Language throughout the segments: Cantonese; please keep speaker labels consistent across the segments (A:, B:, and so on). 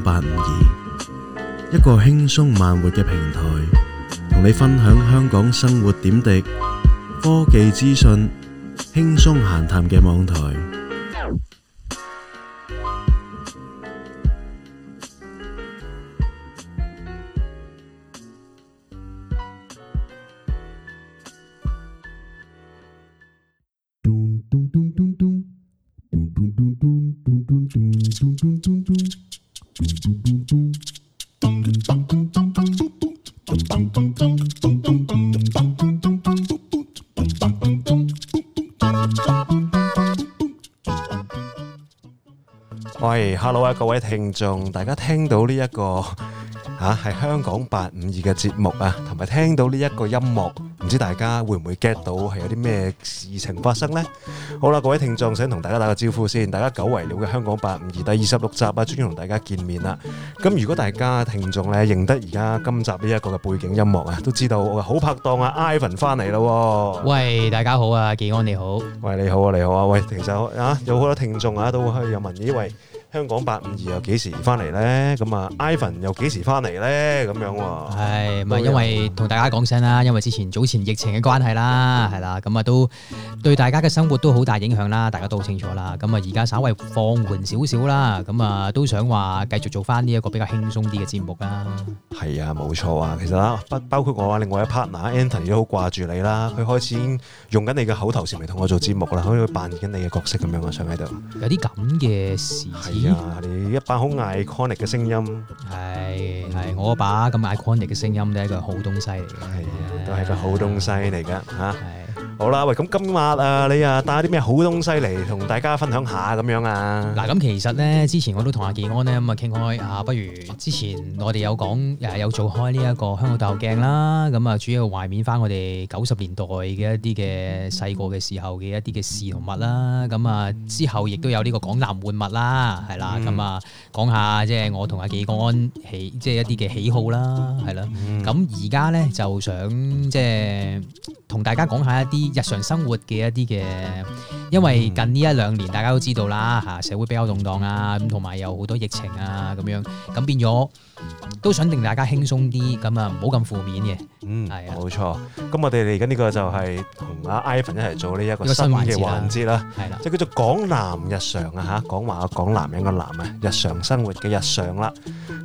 A: 八五二，一個輕鬆慢活嘅平台，同你分享香港生活點滴、科技資訊，輕鬆閒談嘅網台。Hello 啊，各位聽眾，大家聽到呢一個吓係香港八五二嘅節目啊，同埋聽到呢一個音樂，唔知大家會唔會 get 到係有啲咩事情發生呢？好啦，各位聽眾，想同大家打個招呼先，大家久違了嘅香港八五二第二十六集啊，終於同大家見面啦。咁如果大家聽眾咧認得而家今集呢一個嘅背景音樂啊，都知道好拍檔啊，Ivan 翻嚟啦。喂，大家好啊，技安你好。喂，你好啊，你好啊，喂，其實啊，有好多聽眾啊，都會有問，呢位香港八五二又幾時翻嚟咧？咁啊，Ivan 又幾時翻嚟咧？咁樣喎。係咪唉有因為
B: 同大家講聲啦？因為之前早前疫情嘅關係啦，係啦，咁啊都對大家嘅生活都好大影響啦。大家都好清楚啦。咁啊，而家稍微放緩少少啦。咁啊，都想話繼續做翻呢一個比較輕鬆啲嘅節目啦。
A: 係啊，冇錯啊。其實啦，包包括我啊，另外一 partner Anthony 都好掛住你啦。佢開始用緊你嘅口頭禪嚟同我做節目啦，可以去扮演緊你嘅角色咁樣啊，想喺度。有啲咁嘅事。呀，你一把好 iconic 嘅聲音，係，係，我把咁 iconic 嘅聲音都係一個好東西嚟嘅，係啊，都係一個好東西嚟㗎嚇。好啦，喂，咁今日啊，你啊帶啲咩好嘅東西嚟同大家分享下咁樣啊？嗱、啊，咁其實咧，之前我都同阿技
B: 安咧咁啊傾開啊，不如之前我哋有講誒、啊，有做開呢一個香港透鏡啦，咁啊主要懷念翻我哋九十年代嘅一啲嘅細個嘅時候嘅一啲嘅事同物啦，咁啊之後亦都有呢個講男玩物啦，係啦，咁、嗯、啊講下即係我同阿技安喜即係一啲嘅喜好啦，係啦，咁而家咧就想即係。就是同大家講下一啲日常生活嘅一啲嘅，因為近呢一兩年大家都知道啦，吓，社會比較動盪啊，同埋有好多疫情啊咁樣，咁變咗。都想令大家輕鬆啲，咁啊，唔好咁負面嘅。嗯，
A: 係啊，冇錯。咁我哋嚟緊呢個就係同阿 Ivan 一齊做呢一個新嘅環節啦。係啦，即係叫做講男日常啊，吓，講話講男人個男啊，日常生活嘅日常啦。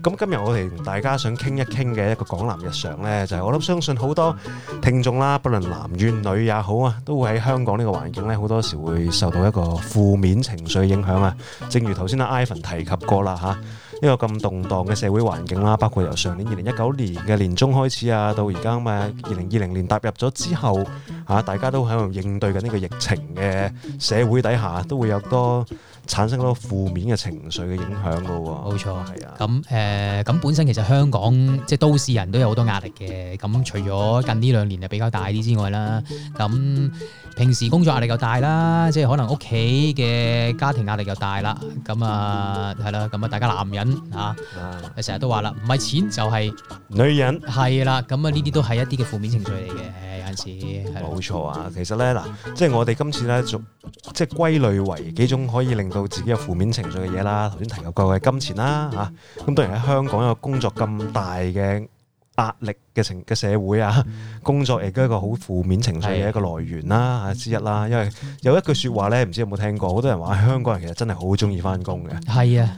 A: 咁今日我哋同大家想傾一傾嘅一個講男日常咧，就係我諗相信好多聽眾啦，不論男怨女也好啊，都會喺香港呢個環境咧，好多時會受到一個負面情緒影響啊。正如頭先阿 Ivan 提及過啦，吓。呢個咁動盪嘅社會環境啦，包括由上年二零一九年嘅年中開始啊，到而家咁啊，二零二零年踏入咗之後，吓，大家都喺度應對緊呢個疫情嘅社會底下，都會有多。產生咗個負面嘅情緒嘅影響噶喎，冇錯，係啊，咁
B: 誒，咁、呃、本身其實香港即係、就是、都市人都有好多壓力嘅，咁除咗近呢兩年就比較大啲之外啦，咁平時工作壓力又大啦，即係可能屋企嘅家庭壓力又大啦，咁啊係啦，咁啊大家男人啊，你成日都話啦，唔係錢就係、是、女人係啦，咁啊呢啲、嗯嗯、都係一啲嘅負面情緒嚟
A: 嘅，有陣時冇、啊、錯啊，其實咧嗱，即係我哋今次咧，即係歸類為幾種可以令。到自己嘅負面情緒嘅嘢啦，頭先提及過嘅金錢啦嚇，咁、啊、當然喺香港有工作咁大嘅壓力。嘅情嘅社會啊，工作亦都係一個好負面情緒嘅一個來源啦，之一啦。因為有一句説話咧，唔知有冇聽過？好多人話香港人其實真係好鍾意返工嘅。
B: 係啊，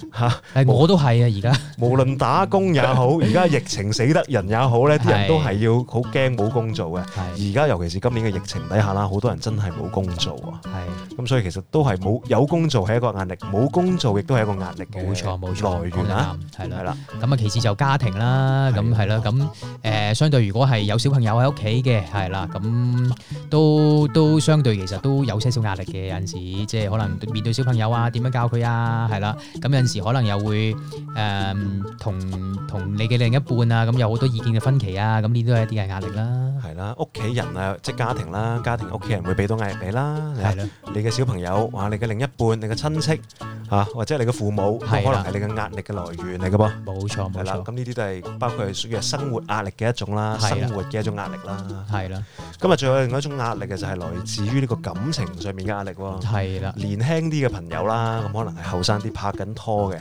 B: 嚇！我都係啊，而家
A: 無論打工也好，而家疫情死得人也好咧，呢啲人都係要好驚冇工做嘅。係。而家尤其是今年嘅疫情底下啦，好多人真係冇工做啊。係。咁所以其實都係冇有工做係一個壓力，冇工做亦都係一個壓力。冇錯，冇錯。來源啊，係啦，係
B: 啦。咁啊，其次就家庭啦，咁係啦，咁誒。誒，相對如果係有小朋友喺屋企嘅，係啦，咁都都相對其實都有些少壓力嘅。有陣時即係可能面對小朋友啊，點樣教佢啊，係啦，咁有陣時可能又會誒同同你嘅另一半啊，咁有好多意見嘅分歧啊，咁呢都係一啲嘅壓力啦。
A: 係啦，屋企人啊，即係家庭啦，家庭屋企人會俾到壓力你啦。係啦，你嘅小朋友，哇，你嘅另一半，你嘅親戚吓，或者你嘅父母，都可能係你嘅壓力嘅來源嚟嘅噃。冇錯冇錯。係啦，咁呢啲都係包括係屬於係生活壓力嘅一。種啦，生活嘅一種壓力啦。係啦的，今日仲有另外一種壓力嘅，就係來自於呢個感情上面嘅壓力。係啦的，年輕啲嘅朋友啦，咁的可能係後生啲拍緊拖嘅。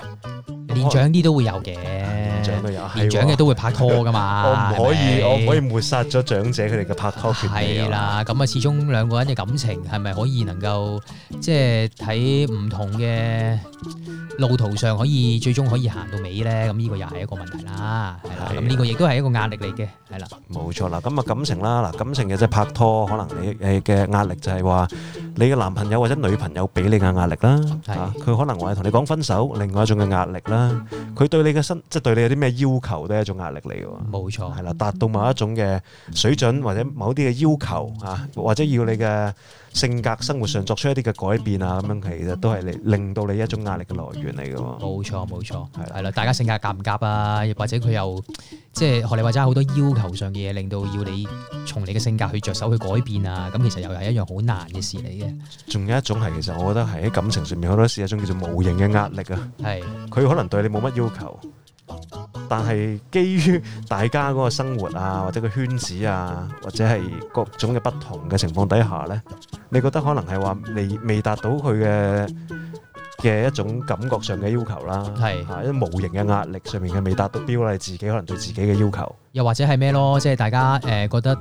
A: 年長啲都會有嘅，
B: 年長都有，年長嘅都會拍拖噶嘛。我唔可以，我可以
A: 抹殺咗長者佢哋
B: 嘅拍拖權利啊。係啦，咁啊，始終兩個人嘅感情係咪可以能夠，即係喺唔同嘅路途上可以最終可以行到尾咧？咁呢個又係一個問題啦。係啦，咁呢個亦都係一個壓力嚟嘅，係啦。
A: 冇錯啦，咁啊感情啦，嗱感情嘅即係拍拖，可能你誒嘅壓力就係話你嘅男朋友或者女朋友俾你嘅壓力啦。係，佢可能話同你講分手，另外一種嘅壓力啦。佢對你嘅身，即係對你有啲咩要求都係一種壓力嚟嘅。冇錯，係啦，達到某一種嘅水準，嗯、或者某啲嘅要求啊，或者要你嘅。性格生活上作出一啲嘅改變啊，咁樣其實都係令令到你一種壓力嘅來源嚟嘅喎。冇錯冇錯，係
B: 啦，的大家性格夾唔夾啊？或者佢又即係學你話齋好多要求上嘅嘢，令到要你從你嘅性格去着手
A: 去改變啊。咁其實又係一樣好難嘅事嚟嘅。仲有一種係其實我覺得係喺感情上面好多時一種叫做無形嘅壓力啊。係的，佢可能對你冇乜要求。但係基於大家個生活啊，或者個圈子啊，或者係各種嘅不同嘅情況底下咧，你覺得可能係話未未達到佢嘅嘅一種感覺上嘅要求啦，係吓是，一啲、啊、無形嘅壓力上面嘅未達到標啦，自己可能對自己嘅要求。
B: 又或者係咩咯？即係大家誒覺得，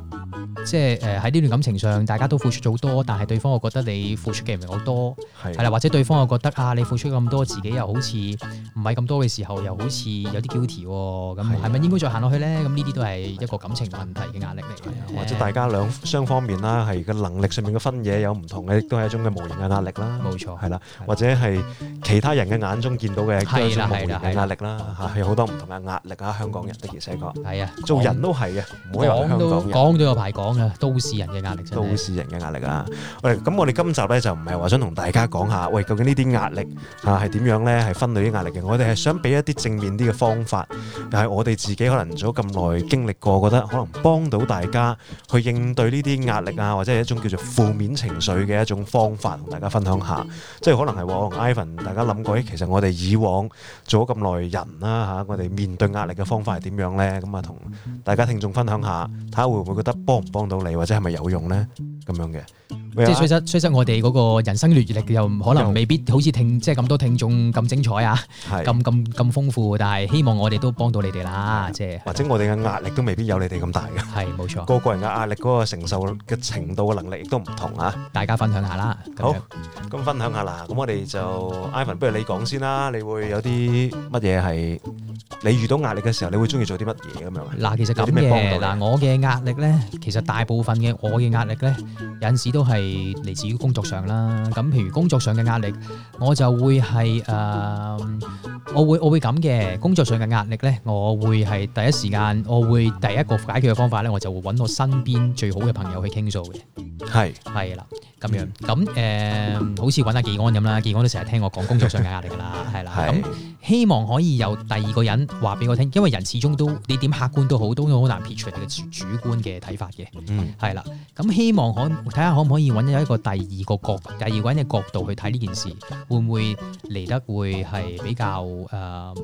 B: 即係誒喺呢段感情上，大家都付出咗好多，但係對方又覺得你付出嘅唔係好多，係啦，或者對方又覺得啊，你付出咁多，自己又好似唔係咁多嘅時候，又好似有啲嬌氣喎，咁係咪應該再行落去呢？咁呢啲都係一個感情問題嘅壓力嚟，或者大
A: 家兩雙方面啦，係個能力上面嘅分野有唔同嘅，亦都係一種嘅無形嘅壓力啦。冇錯，係啦，或者係其他人嘅眼中見到嘅，係啦，係啦，係啦，壓力啦，嚇，有好多唔同嘅壓力啊！香港人的而且確係啊。做人都係嘅，唔好話香港講都有排講嘅，都市人嘅壓力真係。都市人嘅壓力啊，喂，咁我哋今集咧就唔係話想同大家講下，喂，究竟呢啲壓力嚇係點樣咧，係分類啲壓力嘅。我哋係想俾一啲正面啲嘅方法，但係我哋自己可能做咗咁耐經歷過，覺得可能幫到大家去應對呢啲壓力啊，或者係一種叫做負面情緒嘅一種方法，同大家分享下。即係可能係話，我同 Ivan，大家諗過咦，其實我哋以往做咗咁耐人啦嚇，我哋面對壓力嘅方法係點樣咧？咁啊同，大家聽眾分享下，睇下會唔會覺得幫唔幫到你，或者係咪有用呢？咁樣嘅。即係雖則，雖則我哋嗰個人生閱歷又
B: 可能未必好似聽即係咁多聽眾咁精彩啊，咁咁咁豐富，但係希望我
A: 哋都幫到你哋啦，即係或者我哋嘅壓力都未必有你哋咁大嘅，係冇錯，個個人嘅壓力嗰個承受嘅程度嘅能力亦都唔同啊。大家分享下啦，好，咁分享下啦，咁我哋就 Ivan 不如你講先啦，你會有啲乜嘢係你遇到壓力嘅時候你會中意做啲乜嘢咁樣？嗱，其實咁嘅，嗱我嘅壓力咧，其實大
B: 部分嘅我嘅壓力咧，有陣時都。係嚟自於工作上啦，咁譬如工作上嘅壓力，我就會係誒、呃，我會我會咁嘅。工作上嘅壓力咧，我會係第一時間，我會第一個解決嘅方法咧，我就會揾我身邊最好嘅朋友去傾訴嘅。係係是啦，咁樣咁誒、嗯呃，好似揾阿技安咁啦，技安都成日聽我講工作上嘅壓力噶 啦，係啦。咁希望可以有第二個人話俾我聽，因為人始終都你點客觀都好，都好難撇除你嘅主觀嘅睇法嘅。係、嗯、啦，咁希望可睇下可唔可以揾咗一個第二個角度、第二個人嘅角度去睇呢件事，會唔會嚟得會係比較誒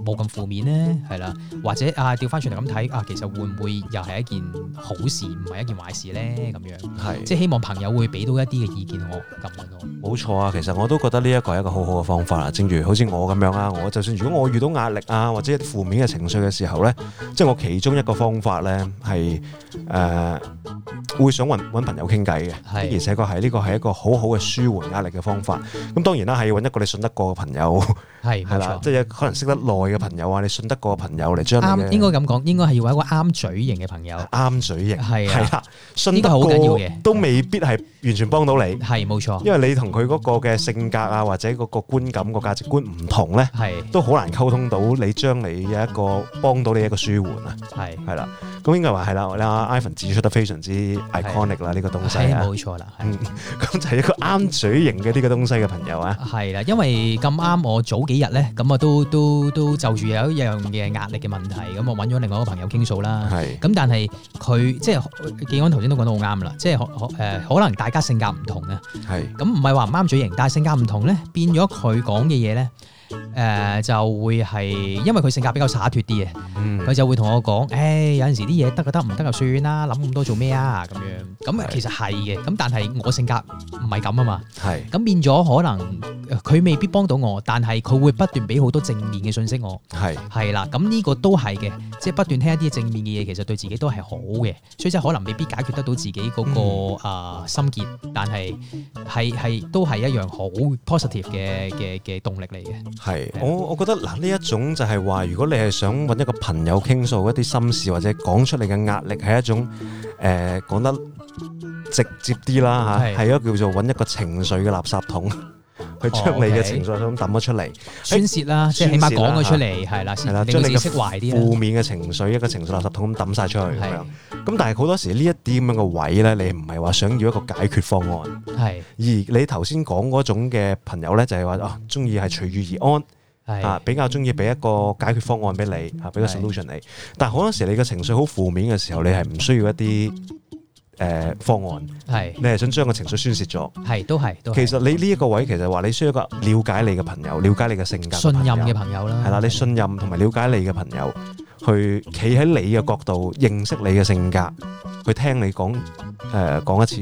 B: 冇咁負面呢？係啦，或者啊，調翻轉嚟咁睇啊，其實會唔會又係一件好事，唔係一件壞事呢？咁樣係即係希望朋友會俾到一啲嘅意見我咁樣
A: 咯。冇錯啊，其實我都覺得呢一個係一個好好嘅方法啦。正如好似我咁樣啊，我就算如果我遇到壓力啊，或者負面嘅情緒嘅時候呢，即係我其中一個方法呢，係、呃、誒會想揾朋友傾偈嘅呢個係呢個係一個好好嘅舒緩壓力嘅方法。咁當然啦，係要揾一個你信得過嘅朋友，係啦，即係可能識得耐嘅朋友啊，你信得過嘅朋友嚟將啱。應該
B: 咁講，應該係要揾一個啱嘴型嘅朋
A: 友。啱嘴型係啦，信得好緊要嘅，都未必係完全幫到你。係冇錯，因為你同佢嗰個嘅性格啊，或者嗰個觀感、個價值觀唔同咧，都好難溝通到你將你有一個幫到你一個舒緩啊。係係啦，咁應該話係啦，我阿 Ivan 指出得非常之 iconic 啦，呢個東西冇錯啦。嗯，咁就係一個啱嘴型嘅呢個東西嘅朋友啊，
B: 係啦，因為咁啱我早幾日咧，咁啊都都都就住有一樣嘅壓力嘅問題，咁我揾咗另外一個朋友傾訴啦，係，咁但係佢即係技安頭先都講得好啱啦，即係可可誒可能大家性格唔同啊，係，咁唔係話唔啱嘴型，但係性格唔同咧，變咗佢講嘅嘢咧。誒、呃，就會係因為佢性格比較灑脫啲嘅，佢、嗯、就會同我講，誒、哎，有陣時啲嘢得就得，唔得就算啦，諗咁多做咩啊？咁樣，咁是其實係嘅，咁但係我性格唔係咁啊嘛，係是，咁變咗可能佢未必幫到我，但係佢會不斷俾好多正面嘅信息我，係是，係啦，咁呢、這個都係嘅，即、就、係、是、不斷聽一啲正面嘅嘢，其實對自己都係好嘅，所以即係可能未必解決得到自己嗰個啊心結，嗯、但係係係都係一樣好 positive 嘅嘅嘅動力嚟嘅。
A: 係，我我覺得嗱，呢一種就係話，如果你係想揾一個朋友傾訴一啲心事，或者講出嚟嘅壓力，係一種誒講、呃、得直接啲啦嚇，係、啊、一個叫做揾一個情緒嘅垃圾桶。佢將你嘅情緒咁抌咗出嚟，
B: 宣泄啦，即係起碼講佢出嚟，係啦，令自己釋懷啲。負面
A: 嘅情緒，一個情緒垃圾桶咁抌晒出去。係啊，咁但係好多時呢一啲咁樣嘅位咧，你唔係話想要一個解決方案，係。而你頭先講嗰種嘅朋友咧，就係話啊，中意係隨遇而安，啊比較中意俾一個解決方案俾你，啊俾個 solution 你。但係好多時你嘅情緒好負面嘅時候，你係唔需要一啲。誒、呃、方案係，係你係想將個情緒宣泄咗，
B: 係都係。都其實
A: 你呢一個位，其實話你需要一個了解你嘅朋友，了解你嘅性格，信任嘅朋友啦。係啦的，的你信任同埋了解你嘅朋友。去企喺你嘅角度認識你嘅性格，去聽你講誒講一次，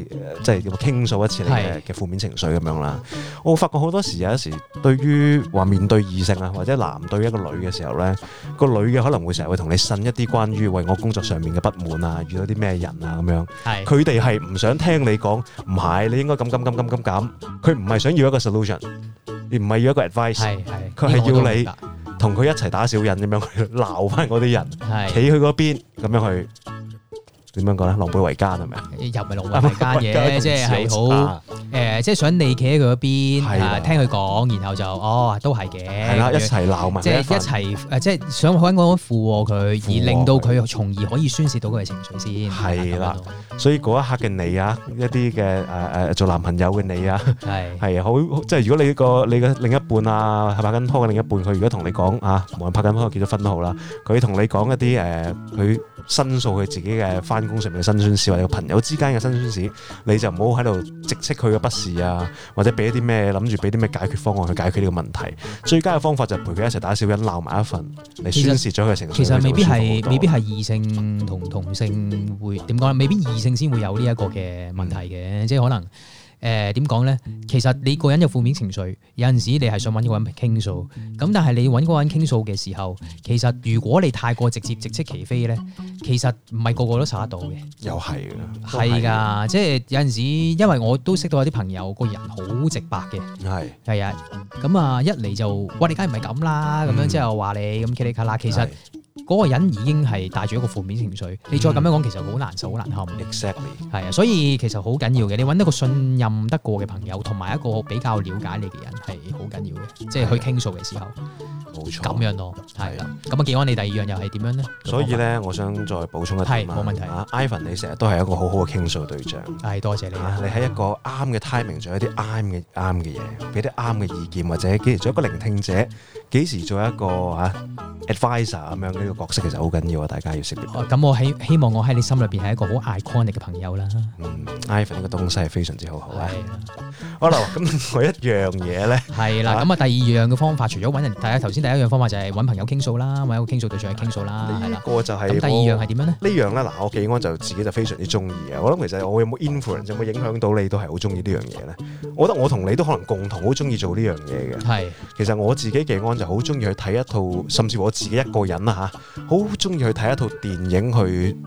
A: 即係要傾訴一次你嘅負面情緒咁樣啦。我發覺好多時有時對於話面對異性啊，或者男對一個女嘅時候咧，個女嘅可能會成日會同你呻一啲關於為我工作上面嘅不滿啊，遇到啲咩人啊咁樣。係，佢哋係唔想聽你講，唔係，你應該咁咁咁咁咁咁。佢唔係想要一個 solution，而唔係要一個 advice，佢係要你。同佢一齊打小人咁樣去鬧翻嗰啲人，企去嗰邊咁樣去，嗯點樣講咧？狼狽為奸係咪啊？又唔
B: 係狼狽為奸嘅，即係好誒，
A: 即係想你企喺佢嗰邊啊，聽佢
B: 講，然後就哦，都係嘅，係啦，一齊鬧埋，即係一齊誒，即係想搵我附
A: 和佢，而令到佢，從而可以宣泄到佢嘅情緒先。係啦，所以嗰一刻嘅你啊，一啲嘅誒誒，做男朋友嘅你啊，係係好，即係如果你個你嘅另一半啊，拍緊拖嘅另一半，佢如果同你講啊，無論拍緊拖結咗婚都好啦，佢同你講一啲誒，佢申訴佢自己嘅翻，工作上面嘅辛酸史，或者朋友之間嘅辛酸史，你就唔好喺度直斥佢嘅不是啊，或者俾一啲咩諗住俾啲咩解決方案去解決呢個問題。最佳嘅方法就係陪佢一齊打小人，鬧埋一份，嚟宣泄咗佢情緒。其實未必係，未必
B: 係異性同同性會點講？未必異性先會有呢一個嘅問題嘅，即係可能。誒點講咧？其實你個人有負面情緒，有陣時你係想揾嗰個人傾訴。咁但係你揾嗰個人傾訴嘅時候，其實如果你太過直接、直斥其非咧，其實唔係個個都受得到嘅。又係啊！係㗎，即係有陣時，因為我都識到有啲朋友，個人好直白嘅。係係啊。咁啊，一嚟就喂，你梗係唔係咁啦？咁樣即係話你咁，卡啦、嗯，其實。嗰個人已經係帶住一個負面情緒，嗯、你再咁樣講，其實好難受，好難堪。Exactly，係啊，所以其實好緊要嘅，你揾一個信任得過嘅朋友，同埋一個比較了解你嘅人係好緊要嘅，即係去傾訴嘅時候。嗯嗯嗯。冇錯，咁樣咯，係啦。咁啊，技安，你第二樣又
A: 係點樣呢？所以咧，我想再補充一下。冇問題。阿 Ivan，你成日都係一個好好嘅傾訴對象。係，多謝你。你喺一個啱嘅 timing 做一啲啱嘅啱嘅嘢，俾啲啱嘅意見，或者幾時做一個聆聽者，幾時做一個嚇 advisor 咁樣呢個角色，其實好緊要啊！大家要識。
B: 咁我希望我喺你心裏邊係一個好 iconic 嘅朋友啦。嗯
A: ，Ivan 呢個東西係非常之好好啊。好啦，咁我一樣嘢咧，係啦。
B: 咁啊，第二樣嘅方法，除咗揾人，大家頭先。第一樣方法就係揾朋友傾訴啦，揾個傾訴對象去傾訴
A: 啦，係啦。個就係。咁第二樣係點樣呢？呢樣咧嗱，我技安就自己就非常之中意嘅。我諗其實我有冇 influence，有冇影，影響到你都係好中意呢樣嘢咧？我覺得我同你都可能共同好中意做呢樣嘢嘅。係是。其實我自己技安就好中意去睇一套，甚至我自己一個人啦嚇，好中意去睇一套電影去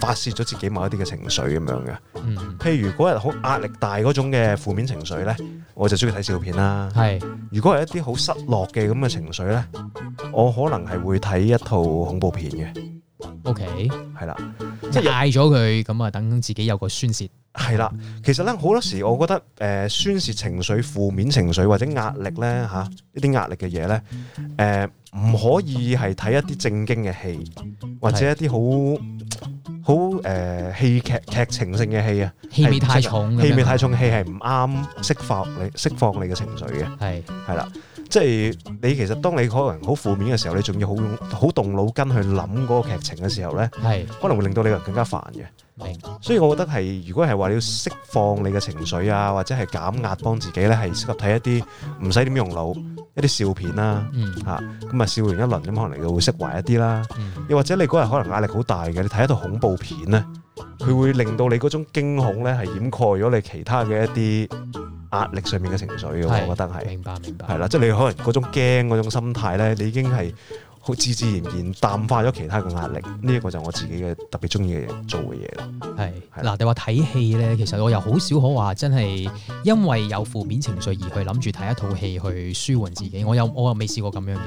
A: 發泄咗自己某一啲嘅情緒咁樣嘅。嗯、譬如嗰日好壓力大嗰種嘅負面情緒咧，我就中意睇笑片啦。係是。如果係一啲好失落嘅咁嘅情緒。佢咧，我可能係會睇一套恐怖片嘅。OK，係啦，即係嗌咗佢，咁啊，等自己有個宣洩。係啦，其實咧好多時，我覺得誒，宣洩情緒、負面情緒或者壓力咧吓，一啲壓力嘅嘢咧，誒、呃，唔可以係睇一啲正經嘅戲，或者一啲好好誒戲劇劇情性嘅戲啊，戲味太重，戲味太重，嘅戲係唔啱釋放你釋放你嘅情緒嘅。係係啦。即係你其實，當你可能好負面嘅時候，你仲要好用好動腦筋去諗嗰個劇情嘅時候咧，係的可能會令到你個人更加煩嘅。白所以我覺得，係如果係話你要釋放你嘅情緒啊，或者係減壓幫自己咧，係適合睇一啲唔使點用腦一啲笑片啦、啊。吓、嗯，咁啊笑完一輪，咁可能你就會釋懷一啲啦。又、嗯、或者你嗰日可能壓力好大嘅，你睇一套恐怖片咧，佢會令到你嗰種驚恐咧係掩蓋咗你其他嘅一啲壓力上面嘅情緒，我覺得係明白明白，係啦，即係你可能嗰種驚嗰種心態咧，你已經係好自自然然淡化咗其他嘅壓力。呢一個就我自己嘅特別中意嘅嘢，做嘅嘢咯。係嗱，你話睇
B: 戲咧，其實我又好少可話真係因為有負面情緒而去諗住睇一套戲去舒緩自己。我又我又未試過咁樣嘅。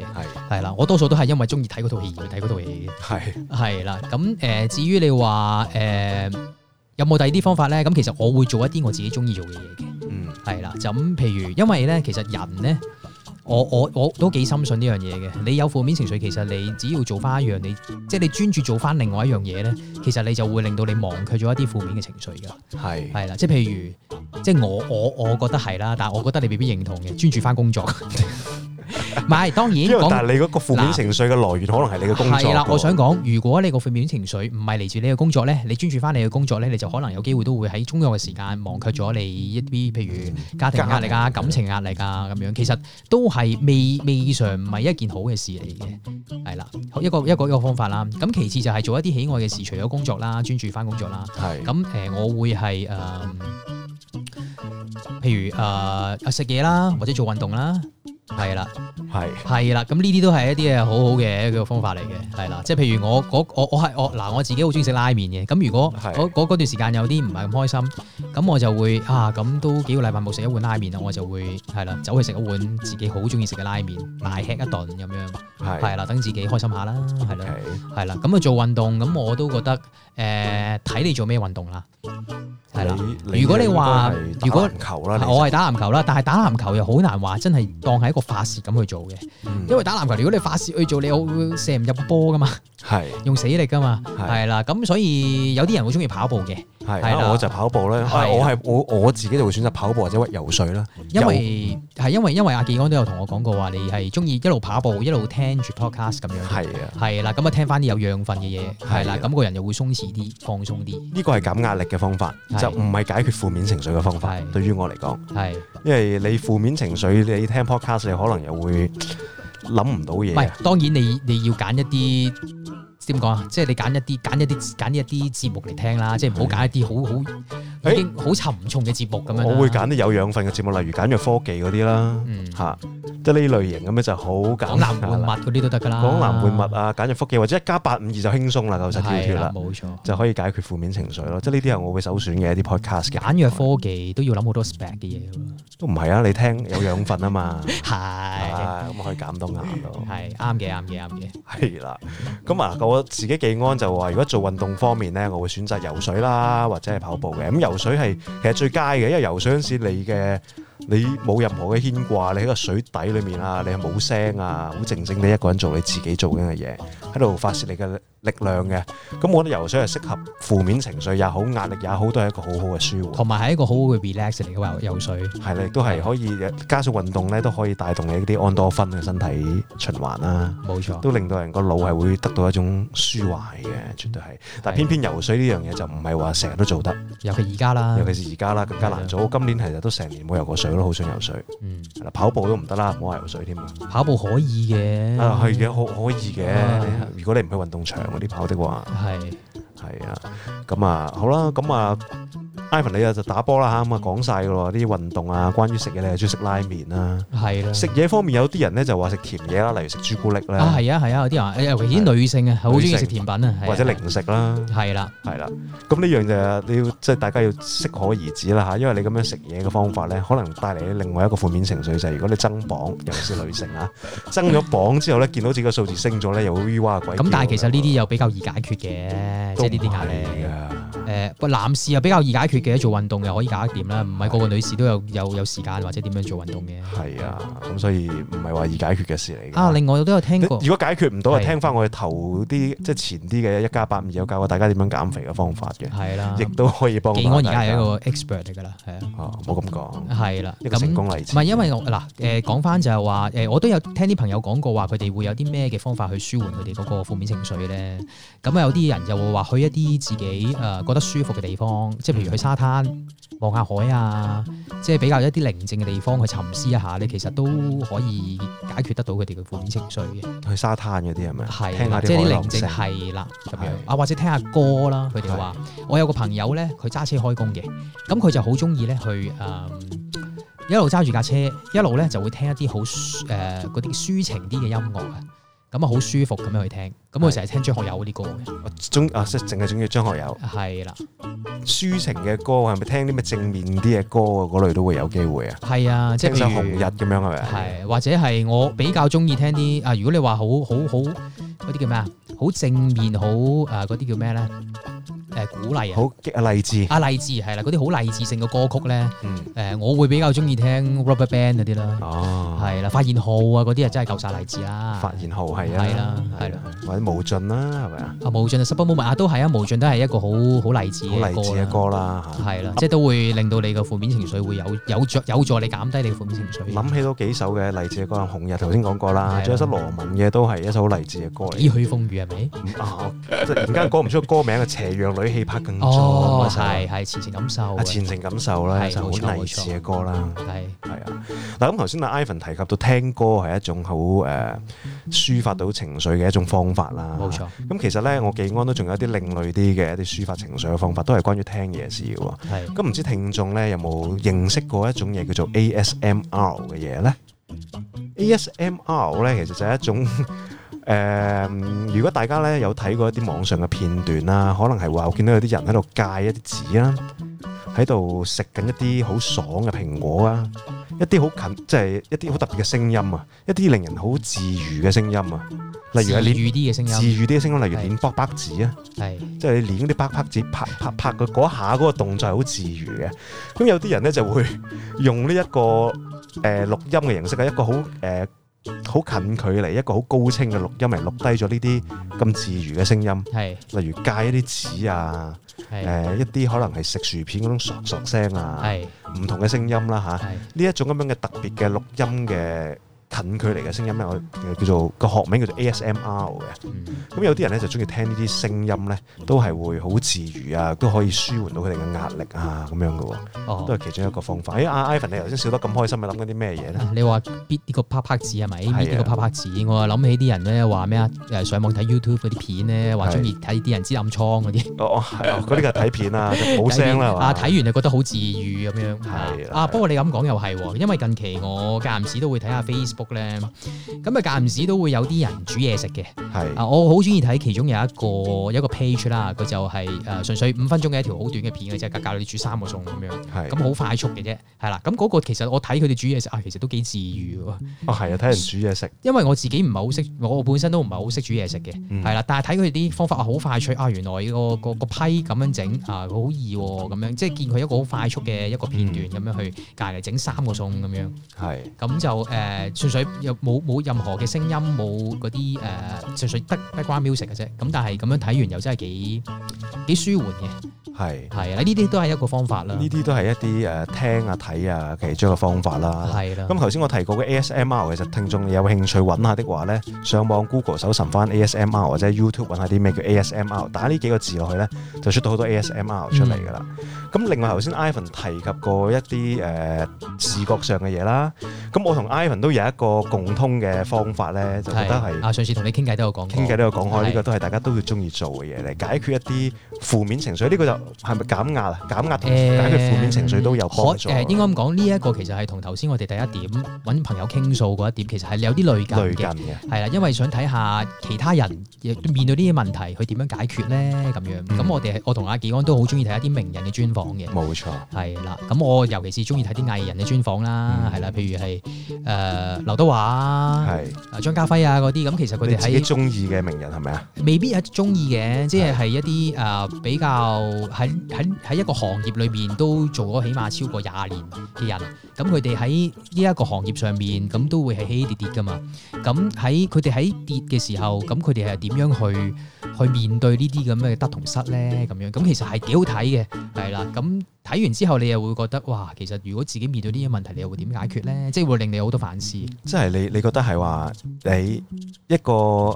B: 係係啦。我多數都係因為中意睇嗰套戲而去睇嗰套戲嘅。係係啦。咁誒，至於你話誒。有冇第二啲方法呢？咁其實我會做一啲我自己中意做嘅嘢嘅，嗯，係啦，咁譬如，因為呢，其實人呢，我我我都幾深信呢樣嘢嘅。你有負面情緒，其實你只要做翻一樣，你即係你專注做翻另外一樣嘢呢，其實你就會令到你忘卻咗一啲負面嘅情緒噶。係，係啦，即係譬如，即係我我我覺得係啦，但係我覺得你未必認同嘅，專注翻工作。 唔
A: 係，當然。為說但係你嗰個負面情緒嘅來源可能係你嘅工作。啦，啊，我
B: 想講，如果你個負面情緒唔係嚟自你嘅工作咧，你專注翻你嘅工作咧，你就可能有機會都會喺工作嘅時間忘卻咗你一啲譬如家庭壓力啊、庭感情壓力啊咁樣，其實都係未未嘗唔係一件好嘅事嚟嘅。係啦，一個一個一個方法啦。咁其次就係做一啲喜愛嘅事，除咗工作啦，專注翻工作啦。咁誒的，呃，我會係誒。呃譬如誒食嘢啦，或者做運動啦，係啦，係係是啦，咁呢啲都係一啲好好嘅一個方法嚟嘅，係啦，即係譬如我我我係我嗱我自己好中意食拉麵嘅，咁如果嗰是段時間有啲唔係咁開心，咁我就會啊咁都幾個禮拜冇食一碗拉麵啦，我就會係啦，走去食一碗自己好中意食嘅拉麵，大吃一頓咁樣，係係是啦，等自己開心下啦，係 Okay. 啦，係啦，咁啊做運動，咁我都覺得誒睇、呃、你做咩運動啦。係啦，你如果你話如果我係打籃球啦，但係打籃球又好難話真係當係一個發泄咁去做嘅，嗯、因為打籃球如果你發泄去做，你好射唔入波噶嘛，係是的 用死力噶嘛，係啦是的，咁所以有啲人好中意跑步嘅。係我
A: 就跑步啦。我係我我自己就會選擇跑步或者游水啦。因為
B: 係因為因為阿技安都有同我講過話，你係中意一路跑步一路聽住 podcast 咁樣。係啊，係啦，咁啊聽翻啲有養分嘅嘢，係啦，咁個人又會鬆弛啲，放鬆啲。
A: 呢個係減壓力嘅方法，就唔係解決負面情緒嘅方法。對於我嚟講，係，因為你負面情緒你聽 podcast，你可能又會諗唔到嘢。唔係，
B: 當然你你要揀一啲。點講啊？即係你揀一啲揀一啲揀一啲節目嚟聽啦，即係唔好揀一啲好好已經好沉重嘅節目咁樣。我會揀啲
A: 有養分嘅節目，例如簡約科技嗰啲啦，吓，即係呢類型咁樣就好。講難會物嗰啲都得噶啦，講難會物啊，簡約科技或者一家八五二就輕鬆啦，夠晒跳脫啦，冇錯，就可以解決負面情緒咯。即係呢啲係我會首選嘅一啲 podcast。簡約科技都要諗好多 spec 嘅嘢咯，都唔係啊，你聽有養分啊嘛，係，咁可以減多眼咯，係啱嘅，啱嘅，啱嘅，係啦，咁啊個。我自己技安就話，如果做運動方面呢，我會選擇游水啦，或者係跑步嘅。咁、嗯、游水係其實最佳嘅，因為游水嗰時你嘅你冇任何嘅牽掛，你喺個水底裏面啊，你係冇聲啊，好靜靜，你一個人做你自己做緊嘅嘢，喺度發洩你嘅力量嘅，咁我覺得游水係適合負面情緒也好，壓力也好，都係一個好好嘅舒緩，同埋係一個好好嘅 relax 嚟嘅。游游水係啦，亦都係可以加速運動咧，都可以帶動你啲安多芬嘅身體循環啦。冇錯，都令到人個腦係會得到一種舒懷嘅，絕對係。但偏偏游水呢樣嘢就唔係話成日都做得，尤其是而家啦，尤其是而家啦，更加難做。今年其實都成年冇游過水咯，好想游水。嗯，係啦，跑步都唔得啦，唔好話游水添啊。跑步可以嘅，啊係嘅，好可以嘅。如果你唔去運動場。我哋跑的話，係係啊，咁一啊，好、嗯、啦，咁啊。嗯嗯 i v 你啊就打波啦嚇，咁啊講晒噶咯啲運動啊，關於食嘢你又中意食拉麪啦，係啦。食嘢方面有啲人咧就話食甜嘢啦，例如食朱古力啦。啊係
B: 啊係啊，有啲話誒，尤其是女性啊，好中意食甜
A: 品啊，性的或者零食啦。係啦，係啦。咁呢樣就你要即係、就是、大家要適可而止啦嚇，因為你咁樣食嘢嘅方法咧，可能帶嚟另外一個負面情緒就係、是、如果你增磅，尤其是女性啊， 增咗磅之後咧，見到自己個數字升咗咧，又會依哇鬼。咁但係其實呢啲又比較易解決嘅，即係呢啲壓力。誒，男士又比較易解決
B: 嘅，做運動又可以搞得掂啦。唔係個個女士都有有有時間或者點樣做運動嘅。係啊，
A: 咁所以唔係話易解決嘅事嚟。啊，另外我都有聽過。如果解決唔到，啊、聽翻我哋頭啲即係前啲嘅一加八，有教過大家點樣減肥嘅方法嘅。係啦、啊，亦都可以幫。我。技安而家係一個
B: expert 嚟㗎啦，係啊。冇咁講。係啦、啊，成功例子。咁唔係因為嗱誒、呃、講翻就係話誒，我都有聽啲朋友講過話，佢哋會有啲咩嘅方法去舒緩佢哋嗰個負面情緒咧。咁有啲人又會話去一啲自己誒。呃覺得舒服嘅地方，即係譬如去沙灘望下海啊，即係比較一啲寧靜嘅地方去沉思一下咧，你其實都可以解決得到佢哋嘅負面情緒嘅。去沙灘嗰啲係咪？係的，聽聽海浪聲即係啲寧靜係啦咁樣的啊，或者聽下歌啦。佢哋話，我有個朋友咧，佢揸車開工嘅，咁佢就好中意咧去誒、嗯，一路揸住架車，一路咧就會聽一啲好誒嗰啲抒情啲嘅音樂啊，咁啊好舒服咁樣去聽。咁我成日聽張學友嗰啲歌嘅，
A: 中啊，即係淨係中意張學友。係啦，抒情嘅歌係咪聽啲咩正面啲嘅歌啊？嗰類都會有機會啊。
B: 係啊，即係譬如紅日
A: 咁樣係咪？係
B: 或者係我比較中意聽啲啊？如果你話好好好嗰啲叫咩啊？好正面好啊嗰啲叫咩咧？誒，鼓勵啊，好激啊，勵志啊，勵志係啦，嗰啲好勵志性嘅歌曲咧，誒，我會比較中意聽 RubberBand 嗰啲啦。哦，係啦，發現號啊，嗰啲啊真係夠晒勵志啊。發現號係啊，係啦，
A: 係啦。無盡啦，
B: 係咪啊？啊，無盡啊，super moment 啊，都係啊，無盡都係一個好好勵志，好勵志嘅歌啦。係
A: 啦，即係都會令到你個負面情緒會有有助有助你減低你負面情緒。諗起到幾首嘅勵志嘅歌，紅日頭先講過啦，仲有首羅文嘅都係一首好勵志嘅歌嚟。幾許風雨係咪？難，即係突然間講唔出個歌名，個斜陽女氣魄更壯嘅一首。係，係前程錦繡。啊，前程錦繡啦，一首好勵志嘅歌啦。係係啊。嗱，咁頭先阿 Ivan 提及到聽歌係一種好誒，抒發到情緒嘅一種方法。啦，冇錯。咁其實咧，我技安都仲有一啲另類啲嘅一啲抒發情緒嘅方法，都係關於聽嘢事嘅喎。係。咁唔知聽眾咧有冇認識過一種嘢叫做 ASMR 嘅嘢咧？ASMR 咧其實就係一種誒，如果大家咧有睇過一啲網上嘅片段啦，可能係話我見到有啲人喺度戒一啲紙啦，喺度食緊一啲好爽嘅蘋果啊。一啲好近，即、就、係、是、一啲好特別嘅聲音啊！一啲令人好自愈嘅聲音啊，例如練自愈啲嘅聲音，例如練卜卜紙啊，係即係練嗰啲卜卜紙拍拍拍嘅嗰下嗰個動作係好自愈嘅。咁有啲人咧就會用呢、這、一個誒錄、呃、音嘅形式，係一個好誒。呃好近距離一個好高清嘅錄音嚟錄低咗呢啲咁自如嘅聲音，係是例如戒一啲紙啊，誒是、呃、一啲可能係食薯片嗰種嗦嗦聲啊，係唔是同嘅聲音啦、啊、嚇，呢是一種咁樣嘅特別嘅錄音嘅。近距離嘅聲音咧，我叫做個學名叫做 ASMR 嘅。咁有啲人咧就中意聽呢啲聲音咧，都係會好治愈啊，都可以舒緩到佢哋嘅壓力啊，咁樣嘅。哦，都係其中一個方法。哎，阿 Ivan，你頭先笑得咁開心，咪諗緊啲咩嘢咧？你話
B: 呢個啪啪紙係咪？呢個啪啪紙，我啊諗起啲人咧話咩啊？上網睇 YouTube 嗰啲片咧，話中意睇啲人知暗瘡嗰啲。哦，
A: 係啊，嗰啲係睇片啊，冇聲啦。睇
B: 完你覺得好治愈咁樣。係啊。不過你咁講又係，因為近期我間唔時都會睇下 Facebook。咧咁啊，間唔時都會有啲人煮嘢食嘅。係是啊，我好中意睇其中有一個有一個 page 啦，佢就係、是、誒、呃、純粹五分鐘嘅一條好短嘅片嘅啫，即隔教你煮三個餸咁樣。係咁好快速嘅啫。係啦、嗯，咁嗰個其實我睇佢哋煮嘢食啊，其實都幾治癒喎。
A: 啊、哦，係啊，睇人煮嘢食，
B: 因為我自己唔係好識，我本身都唔係好識煮嘢食嘅。係啦、嗯，但係睇佢哋啲方法好快脆。啊，原來、個、個個個批咁樣整啊，好易喎咁樣，即係見佢一個好快速嘅一個片段咁、嗯、樣去隔籬整三個餸咁樣。係咁就誒。呃水又冇冇任何嘅聲音，冇嗰啲誒，純粹得 background music 嘅啫。咁但係咁樣睇完又真係幾幾舒緩嘅，
A: 係係啊！呢啲都係一個方法啦。呢啲都係一啲誒聽啊、睇啊其中嘅方法啦。係啦。咁頭先我提過嘅 ASMR，其實聽眾有興趣揾下的話咧，上網 Google 搜尋翻 ASMR 或者 YouTube 揾下啲咩叫 ASMR，打呢幾個字落去咧，就出到好多 ASMR 出嚟㗎啦。咁另外頭先 Ivan 提及過一啲誒視覺上嘅嘢啦，咁我同 Ivan 都有一。個共通嘅方法咧，係就覺得係
B: 啊，上次同你傾偈都有講，講，傾偈都有講開，呢係個
A: 都係大家都會中意做嘅嘢嚟解決一啲負面情緒。呢、呢個就係咪減壓啊？減壓同、呃、解決負面情緒都有幫助。應
B: 該咁講，呢、呢、一個其實係同頭先我哋第一點揾朋友傾訴嗰一點，其實係有啲類近嘅，係啦，因為想睇下其他人面對呢啲問題，佢點樣解決咧咁樣。咁、嗯、我哋我同阿技安都好中意睇一啲名人嘅專訪嘅，冇錯。係啦，咁我尤其是中意睇啲藝人嘅專訪啦，係啦、嗯，譬如係誒。呃劉德華是啊，係啊，張家輝啊，嗰啲咁，其實佢哋係中
A: 意嘅名人係咪啊？
B: 未必係中意嘅，即係係一啲誒比較喺喺喺一個行業裏面都做咗起碼超過廿年嘅人，咁佢哋喺呢一個行業上面咁都會係起起跌跌噶嘛。咁喺佢哋喺跌嘅時候，咁佢哋係點樣去？去面對呢啲咁嘅得同失咧，咁樣咁其實係幾好睇嘅，係啦。咁睇完之後，你又會覺得哇，其實如果自己面對呢啲問題，你又會點解決咧？即係會令你好多反思。
A: 即係你你覺得係話你一個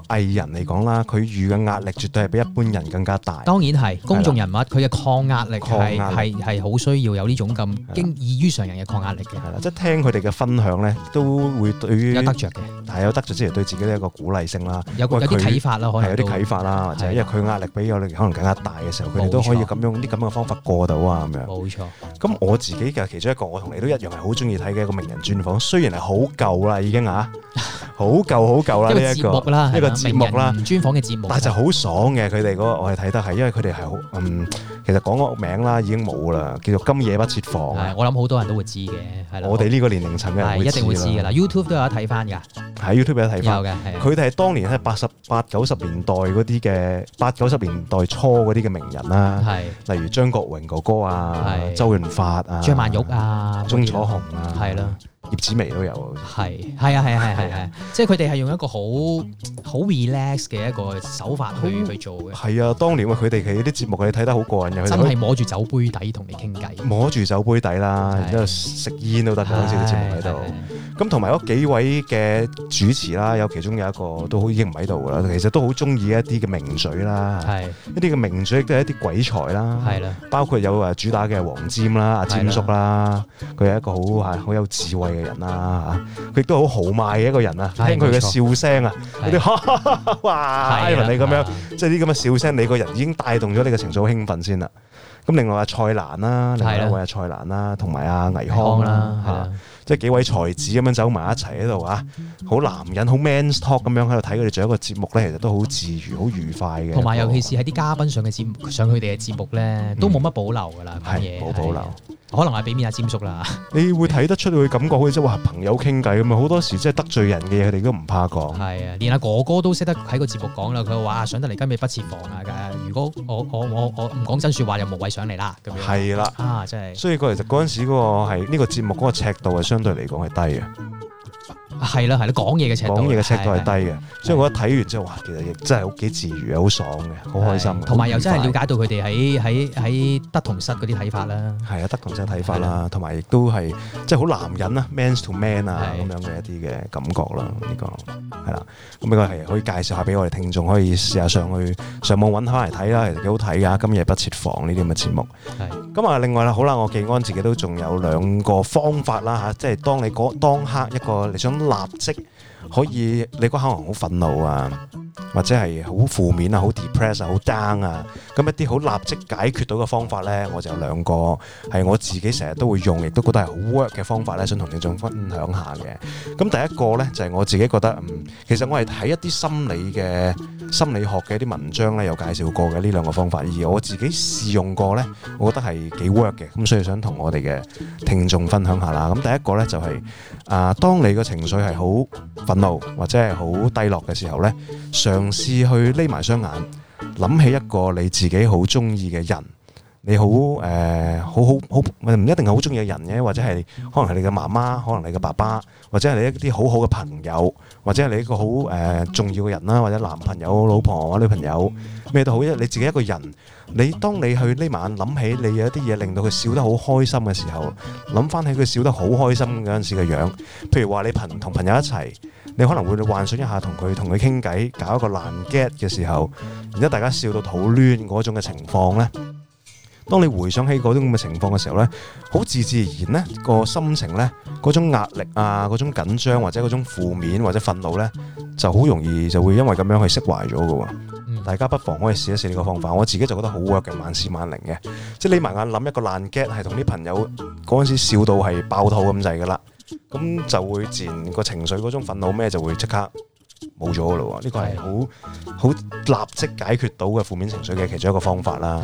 A: 藝人嚟講啦，佢遇嘅壓力絕對係比一般人更加大。當然係，公眾人
B: 物佢嘅的抗壓力係係係好需要有呢種咁驚異於常人嘅抗壓力嘅。係
A: 啦，即係聽佢哋嘅分享咧，都會對於有得着嘅，但係有得着之前，對自己都有一個鼓勵性啦，有個有啲啟發啦，他可能有啲啟發啦。可能 或者，因為佢壓力比我哋可能更加大嘅時候，佢哋冇錯都可以咁樣啲咁嘅方法過到啊咁樣。冇錯。咁我自己嘅其中一個，我同你都一樣係好中意睇嘅一個名人專訪，雖然係好舊啦已經啊，好舊好舊啦呢一個，一個節目啦，
B: 唔專訪嘅節目
A: 但。但係就好爽嘅，佢哋嗰個我係睇得係，因為佢哋係好其實講個名啦已經冇啦，叫做《今夜不設防》。我諗好多人都會知嘅，我哋呢個年齡層嘅人一定會知㗎啦。YouTube 都有得睇翻㗎。喺 YouTube 有睇翻。佢哋係當年係八十八九十年代嗰啲嘅。誒八九十年代初嗰啲嘅名人啦，係是例如張國榮哥哥啊，係是周潤發啊，張曼玉啊，鍾楚紅啊，係啦。葉子薇都有，係，係啊係啊係係
B: 係，即係佢哋係用一個好好 relax 嘅一個手法去去做
A: 嘅。係啊，當年佢哋嘅啲節目你睇得好過癮嘅，真係摸住酒杯底同你傾偈，摸住酒杯底啦，然之後食煙都得嗰陣時嘅節目喺度。咁同埋嗰幾位嘅主持啦，有其中有一個都好已經唔喺度啦，其實都好中意一啲嘅名嘴啦，係一啲嘅名嘴都係一啲鬼才啦，係啦，包括有誒主打嘅黃霑啦、阿霑叔啦，佢係一個好係好有智慧嘅人啦，佢都好豪邁嘅一個人啊，聽佢嘅笑聲啊，佢哋哇，你咁樣，即係啲咁嘅笑聲，你個人已經帶動咗你嘅情緒好興奮先啦。咁另外阿蔡瀾啦，另外一位阿蔡瀾啦，同埋阿倪康啦，吓，即係幾位才子咁樣走埋一齊喺度啊，好男人好 man talk 咁樣喺度睇佢哋做一個節目咧，其實都好自如、好愉快嘅。同埋尤其
B: 是喺啲嘉賓上嘅節目，上佢哋嘅節目咧，都冇乜保留噶啦，
A: 咁嘅嘢冇保留。
B: 可能係俾面阿詹叔啦，
A: 你會睇得出佢感覺好似即係話朋友傾偈咁啊！好多時即係得罪人嘅嘢，佢哋都唔怕講。係啊，連阿哥哥都識得喺個節目
B: 講啦。佢話上得嚟今本不設防啊！如果我我我我唔講真說話，又無謂上嚟啦。係啦，的啊真係。
A: 所以其實嗰陣時嗰、嗰個係呢個節目嗰個尺度係相對嚟講係低嘅。係啦，係啦，講嘢嘅尺度，講嘢嘅尺度係低嘅，所以我一睇完之後，哇，其實亦真係幾自如，好爽嘅，好開心。同埋又真係了解到佢哋喺喺喺得同失嗰啲睇法啦。係啊，得同失睇法啦，同埋亦都係即係好男人啊，man to man 啊咁的樣嘅一啲嘅感覺啦。呢、呢個係啦，咁呢個係可以介紹下俾我哋聽眾可以試下上去上網揾翻嚟睇啦，其實幾好睇噶。今日不設防呢啲咁嘅節目。咁啊的，另外啦，好啦，我技安自己都仲有兩個方法啦嚇，即係當你嗰當刻一個你想。藍色。可以你可能好憤怒啊，或者係好負面啊，好 depress 啊，好 down 啊，咁一啲好立即解決到嘅方法咧，我就有兩個係我自己成日都會用，亦都覺得係好 work 嘅方法咧，想同聽眾分享下嘅。咁第一個咧就係我自己覺得，嗯，其實我係睇一啲心理嘅心理學嘅一啲文章咧，有介紹過嘅呢兩個方法，而我自己試用過咧，我覺得係幾 work 嘅，咁所以想同我哋嘅聽眾分享下啦。咁第一個咧就係啊，當你個情緒係好憤，或者係好低落嘅時候呢，嘗試去匿埋雙眼，諗起一個你自己好中意嘅人，你好誒，好好好唔一定係好中意嘅人嘅，或者係可能係你嘅媽媽，可能你嘅爸爸，或者係你一啲好好嘅朋友。或者係你一個好誒重要嘅人啦，或者男朋友、老婆或者女朋友咩都好，因你自己一個人，你當你去呢晚諗起你有一啲嘢令到佢笑得好開心嘅時候，諗翻起佢笑得好開心嗰陣時嘅樣，譬如話你朋同朋友一齊，你可能會幻想一下同佢同佢傾偈搞一個爛 get 嘅時候，然之後大家笑到肚攣嗰種嘅情況呢。當你回想起嗰種咁嘅情況嘅時候呢，好自自然呢、嗰個心情呢，嗰種壓力啊，嗰種緊張或者嗰種負面或者憤怒呢，就好容易就會因為咁樣去釋懷咗嘅。嗯、大家不妨可以試一試呢個方法。我自己就覺得好 work 嘅，萬事萬靈嘅。即係眯埋眼諗一個爛 get，係同啲朋友嗰陣時笑到係爆肚咁滯噶啦，咁就會自然、嗰個情緒嗰種憤怒咩就會即刻冇咗咯。呢個係好好立即解決到嘅負面情緒嘅其中一個方法啦。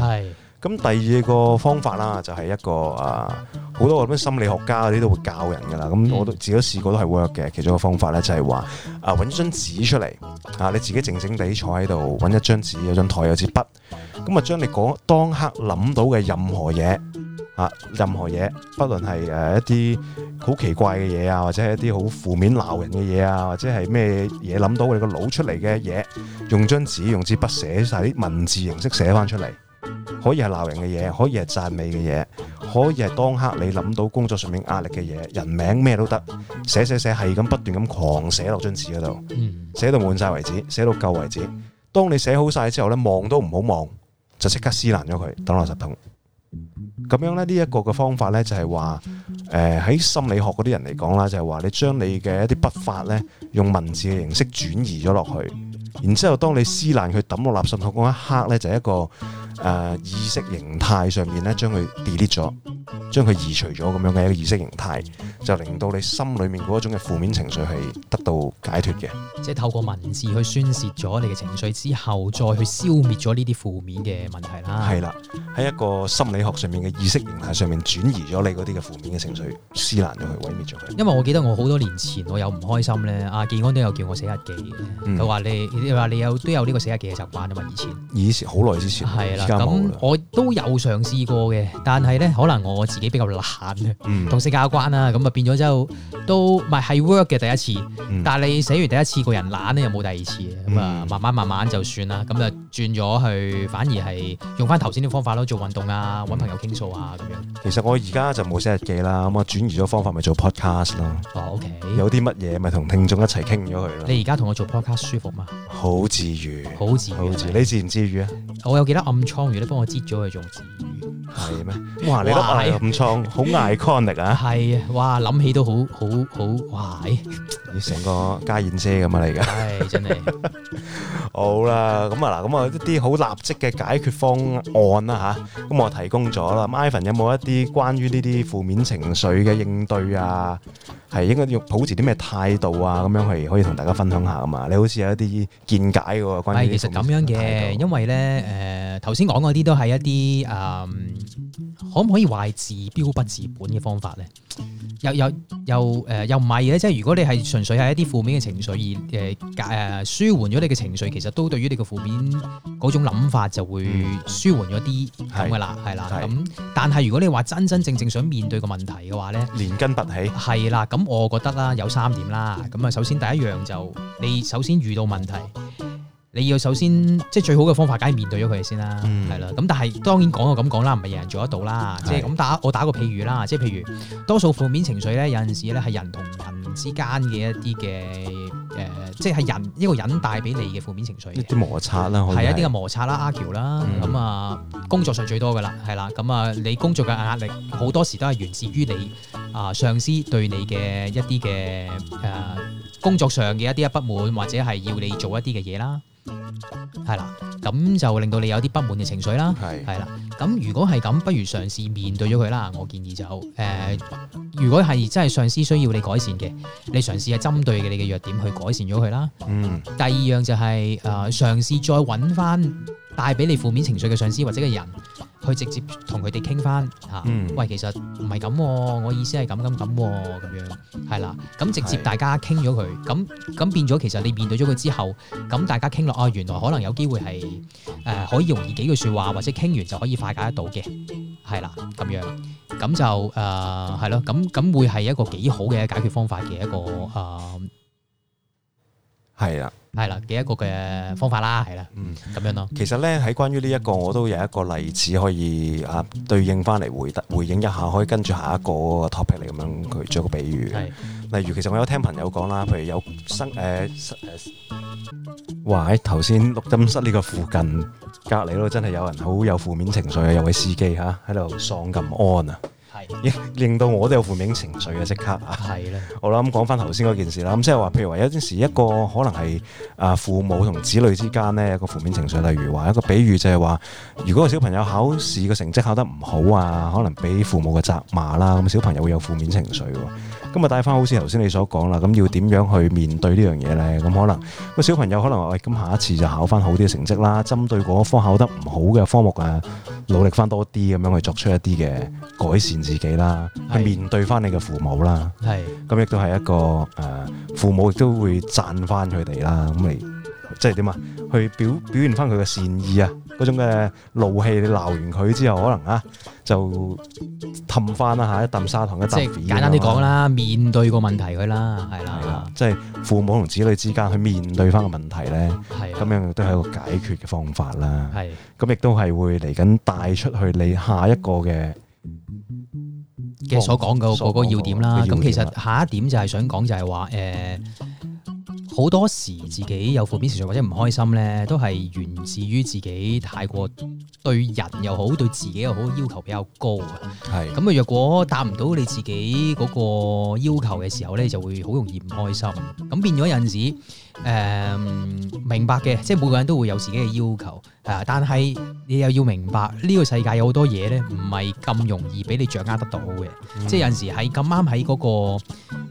A: 咁第二個方法啦，就係一個啊，好多嗰啲心理學家嗰啲都會教人㗎喇。咁我都自己都試過都係 work 嘅。其中一個方法咧、就係，就係話啊，揾張紙出嚟啊，你自己靜靜地坐喺度，揾一張紙，有張台，有支筆。咁啊，將你嗰當刻諗到嘅任何嘢啊，任何嘢，不論係誒一啲好奇怪嘅嘢啊，或者係一啲好負面鬧人嘅嘢啊，或者係咩嘢諗到你個腦出嚟嘅嘢，用張紙用支筆寫晒啲文字形式寫翻出嚟。可以係鬧人嘅嘢，可以係讚美嘅嘢，可以係當刻你諗到工作上面壓力嘅嘢，人名咩都得，寫寫寫係咁不斷咁狂寫落張紙嗰度，寫到滿晒為止，寫到夠為止。當你寫好晒之後呢，望都唔好望，就即刻撕爛咗佢，抌落垃圾桶。咁樣咧呢一個嘅方法呢，就係話，誒喺心理學嗰啲人嚟講啦，就係話你將你嘅一啲筆法呢，用文字嘅形式轉移咗落去，然之後當你撕爛佢抌落垃圾桶嗰一刻呢，就係一個。誒意識形態上面咧，將佢 delete 咗，將佢移除咗咁樣嘅一個意識形態，就令到你心裏面嗰種嘅負面情緒係得到解脫嘅。
B: 即係透過文字去宣泄咗你嘅情緒之後，再去消
A: 滅咗呢啲負面嘅問題啦。係啦，喺一個心理學上面嘅意識形態上面轉移咗你嗰啲嘅負面嘅情緒，撕爛咗佢，毀滅咗佢。因為
B: 我記得我好多年前我有唔開心咧，阿技安都有叫我寫日記嘅，佢話你，你你有都有呢個寫日記嘅習慣啊嘛，以前，
A: 以前好耐之前，係啦。咁
B: 我都有嘗試過嘅，但係咧可能我自己比較懶同性格有關啦。咁啊變咗之後都唔係係 work 嘅第一次，但係你寫完第一次個人懶咧又冇第二次嘅，咁啊慢慢慢慢就算啦。咁就轉咗去反而係用翻頭先啲方法咯，做運動啊，揾朋友傾訴啊咁樣。
A: 其實我而家就冇寫日記啦，咁我轉移咗方法咪做 podcast 咯。OK 有啲乜嘢咪同聽眾一齊傾咗佢咯。你而家
B: 同我做 podcast 舒服嘛？
A: 好自然，好自然，你自唔自然啊？我
B: 有幾多暗。蒼魚咧，幫我截咗去做詞語，係咩？哇，你都嗌咁蒼，
A: 好 iconic 啊！係啊，哇，諗起都好好好，哇，成個家燕姐咁啊嚟噶，唉，真係。好啦，咁啊嗱，咁啊一啲好立即嘅解決方案啦嚇，咁我提供咗啦。Ivan 有冇一啲關於呢啲負面情緒嘅應對啊？係應該用保持啲咩態度啊？咁樣係可以同大家分享下噶嘛？你好似有一啲見解喎，關係其實
B: 咁樣嘅，因為咧誒頭先講嗰啲都係一啲誒、嗯、可唔可以話係治標不治本嘅方法咧？又又、呃、又誒又唔係嘅，即係如果你係純粹係一啲負面嘅情緒而，誒誒、呃、舒緩咗你嘅情緒，其實都對於你個負面嗰種諗法就會舒緩咗啲咁噶啦，係啦、嗯。咁但係如果你話真真正正想面對個問題嘅話咧，連根拔起，係啦。咁我覺得啦，有三點啦。咁啊，首先第一樣就你首先遇到問題。你要首先即係最好嘅方法，梗係面對咗佢哋先啦、啊，係啦、嗯。咁但係當然講就咁講啦，唔係人人做得到啦。即係咁打我打個譬如啦，即係譬如多數負面情緒咧，有陣時咧係人同人之間嘅一啲嘅誒，即係人一個人帶俾你嘅負面情緒，一
A: 啲摩擦啦，係一啲嘅
B: 摩擦啦，阿喬啦，咁啊，argue、嗯、啊工作上最多噶啦，係啦，咁啊你工作嘅壓力好多時都係源自於你啊、呃、上司對你嘅一啲嘅誒工作上嘅一啲嘅不滿，或者係要你做一啲嘅嘢啦。係啦，咁就令到你有啲不滿嘅情緒啦。係係啦，咁如果係咁，不如嘗試面對咗佢啦。我建議就誒、呃，如果係真係上司需要你改善嘅，你嘗試係針對嘅你嘅弱點去改善咗佢啦。嗯，第二樣就係、是、誒，嘗、呃、試再揾翻。帶俾你負面情緒嘅上司或者嘅人，去直接同佢哋傾翻吓，啊嗯、喂，其實唔係咁，我意思係咁咁咁咁樣，係啦，咁直接大家傾咗佢，咁咁是的 變咗其實你面對咗佢之後，咁大家傾落啊，原來可能有機會係誒、呃、可以容易幾句説話或者傾完就可以化解得到嘅，係啦，咁樣咁就誒係咯，咁、呃、咁會係一個幾好嘅解決方法嘅一個啊。呃係啦，係啦，嘅一個嘅方法啦，係啦，嗯，咁樣咯。其
A: 實咧喺關於呢一個，我都有一個例子可以啊對應翻嚟回答回，回應一下，可以跟住下一個 topic 嚟咁樣佢做一個比喻。係的，例如其實我有聽朋友講啦，譬如有生誒、呃呃、哇喺頭先錄音室呢個附近隔籬咯，真係有人好有負面情緒啊！有位司機吓喺度喪咁安啊！係，令到我都有負面情緒嘅即刻啊！係咧的，好啦，咁講返頭先嗰件事啦，咁即係話，譬如話有陣時一個可能係啊父母同子女之間呢一個負面情緒，例如話一個比喻就係話，如果個小朋友考試個成績考得唔好啊，可能俾父母嘅責罵啦，咁小朋友會有負面情緒喎。咁帶翻好似頭先你所講啦，咁要點樣去面對呢樣嘢咧？咁可能個小朋友可能話：喂、哎，咁下一次就考翻好啲嘅成績啦。針對嗰科考得唔好嘅科目啊，努力翻多啲咁樣去作出一啲嘅改善自己啦，去面對翻你嘅父母啦。係的，咁亦都係一個誒、呃，父母亦都會讚翻佢哋啦。咁嚟即係點啊？去表表現翻佢嘅善意啊！嗰種嘅怒氣，你鬧完佢之後，可能啊就氹翻啦吓，一啖砂糖一啖面。即係簡單啲講啦，樣面對個問題佢啦，係啦，係啦。即係父母同子女之間去面對翻個問題咧，咁的樣都係一個解決嘅方法啦。係咁亦都係會嚟緊帶出去你下一個嘅嘅所講嘅嗰個要點啦。咁其實
B: 下一點就係想講就係話誒。呃好多時自己有負面情緒或者唔開心呢，都係源自於自己太過對人又好，對自己又好要求比較高啊。係咁啊，若果達唔到你自己嗰個要求嘅時候呢，就會好容易唔開心。咁變咗有陣時，誒、嗯、明白嘅，即係每個人都會有自己嘅要求。但係你又要明白呢、這個世界有好多嘢咧，唔係咁容易俾你掌握得到嘅。嗯、即係有陣時係咁啱喺嗰個誒、